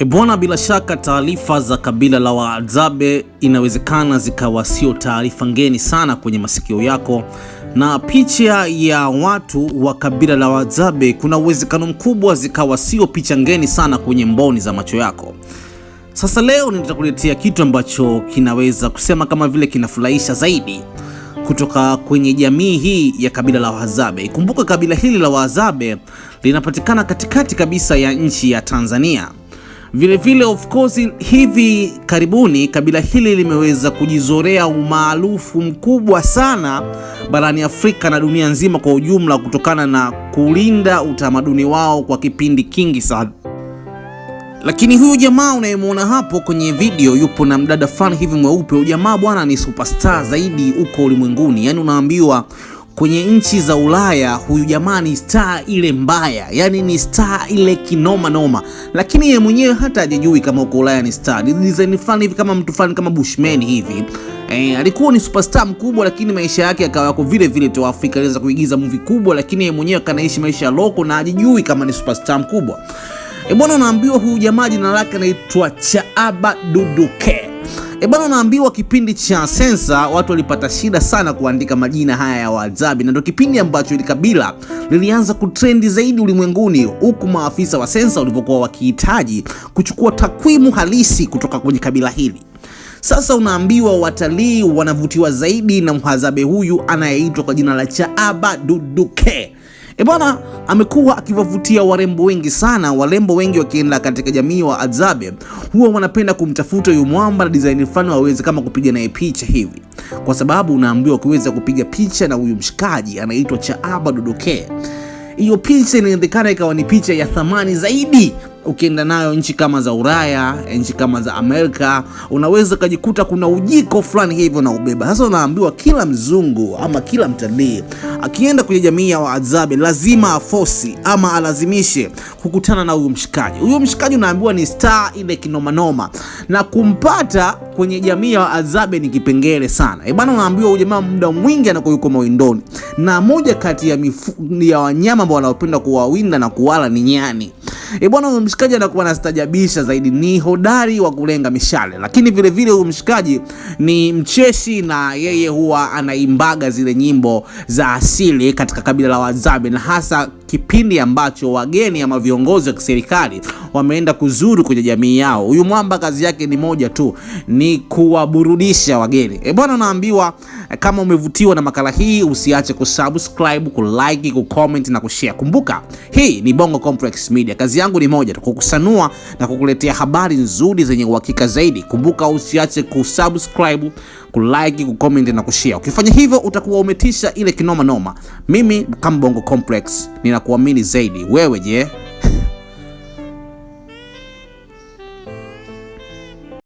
Ebwana, bila shaka taarifa za kabila la Wahadzabe inawezekana zikawa sio taarifa ngeni sana kwenye masikio yako, na picha ya watu wa kabila la Wahadzabe kuna uwezekano mkubwa zikawa sio picha ngeni sana kwenye mboni za macho yako. Sasa leo nitakuletea kitu ambacho kinaweza kusema kama vile kinafurahisha zaidi kutoka kwenye jamii hii ya kabila la Wahadzabe. Ikumbuka kabila hili la Wahadzabe linapatikana katikati kabisa ya nchi ya Tanzania. Vilevile of course, hivi karibuni kabila hili limeweza kujizorea umaarufu mkubwa sana barani Afrika na dunia nzima kwa ujumla kutokana na kulinda utamaduni wao kwa kipindi kingi sana. Lakini huyu jamaa unayemwona hapo kwenye video yupo na mdada fulani hivi mweupe. Huyu jamaa bwana ni superstar zaidi huko ulimwenguni, yaani unaambiwa kwenye nchi za Ulaya huyu jamaa ni star ile mbaya, yani ni star ile kinoma noma, lakini yeye mwenyewe hata hajijui kama uko Ulaya ni star. Ni design fulani hivi kama mtu fulani kama Bushman hivi. E, alikuwa ni superstar mkubwa lakini maisha yake akawa yako vile vile tu Afrika. Aliweza kuigiza movie kubwa lakini yeye mwenyewe kanaishi maisha ya loko na hajijui kama ni superstar mkubwa. E bwana, unaambiwa huyu jamaa jina lake anaitwa Chaaba Duduke. Ebana, eh unaambiwa kipindi cha sensa watu walipata shida sana kuandika majina haya ya Wahadzabe, na ndio kipindi ambacho ili kabila lilianza kutrendi zaidi ulimwenguni, huku maafisa wa sensa walivyokuwa wakihitaji kuchukua takwimu halisi kutoka kwenye kabila hili. Sasa unaambiwa watalii wanavutiwa zaidi na Mhadzabe huyu anayeitwa kwa jina la Chaaba Duduke E bwana, amekuwa akiwavutia warembo wengi sana. Warembo wengi wakienda katika jamii wa Adzabe huwa wanapenda kumtafuta huyu mwamba na design fulani waweze kama kupiga naye picha hivi, kwa sababu unaambiwa ukiweza kupiga picha na huyu mshikaji anaitwa Chaaba Dodokee, hiyo picha inaendekana ikawa ni picha ya thamani zaidi ukienda nayo nchi kama za Ulaya, nchi kama za Amerika, unaweza ukajikuta kuna ujiko fulani hivyo na ubeba. Sasa unaambiwa kila mzungu ama kila mtalii akienda kwenye jamii ya Wahadzabe lazima afosi ama alazimishe kukutana na huyu mshikaji. Huyu mshikaji unaambiwa ni star ile kinomanoma, na kumpata kwenye jamii ya Wahadzabe ni kipengele sana. E bana, unaambiwa huyu jamaa muda mwingi anakuwa yuko mawindoni, na moja kati ya, mifu, ya wanyama ambao wanaopenda kuwawinda na kuwala ni nyani. E bwana, huyu mshikaji anakuwa anastajabisha zaidi, ni hodari wa kulenga mishale, lakini vile vile huyu mshikaji ni mcheshi, na yeye huwa anaimbaga zile nyimbo za asili katika kabila la Wahadzabe na hasa kipindi ambacho wageni ama viongozi wa kiserikali wameenda kuzuru kwenye jamii yao. Huyu mwamba kazi yake ni moja tu, ni kuwaburudisha wageni. E bwana, naambiwa eh, kama umevutiwa na makala hii, usiache kusubscribe, kulike, kucomment na kushare. Kumbuka hii ni Bongo Complex Media, kazi yangu ni moja tu, kukusanua na kukuletea habari nzuri zenye uhakika zaidi. Kumbuka usiache kusubscribe, kulike, kucomment na kushare. Ukifanya hivyo utakuwa umetisha ile kinoma noma. Mimi kama Bongo Complex nina na kuamini zaidi. Wewe je?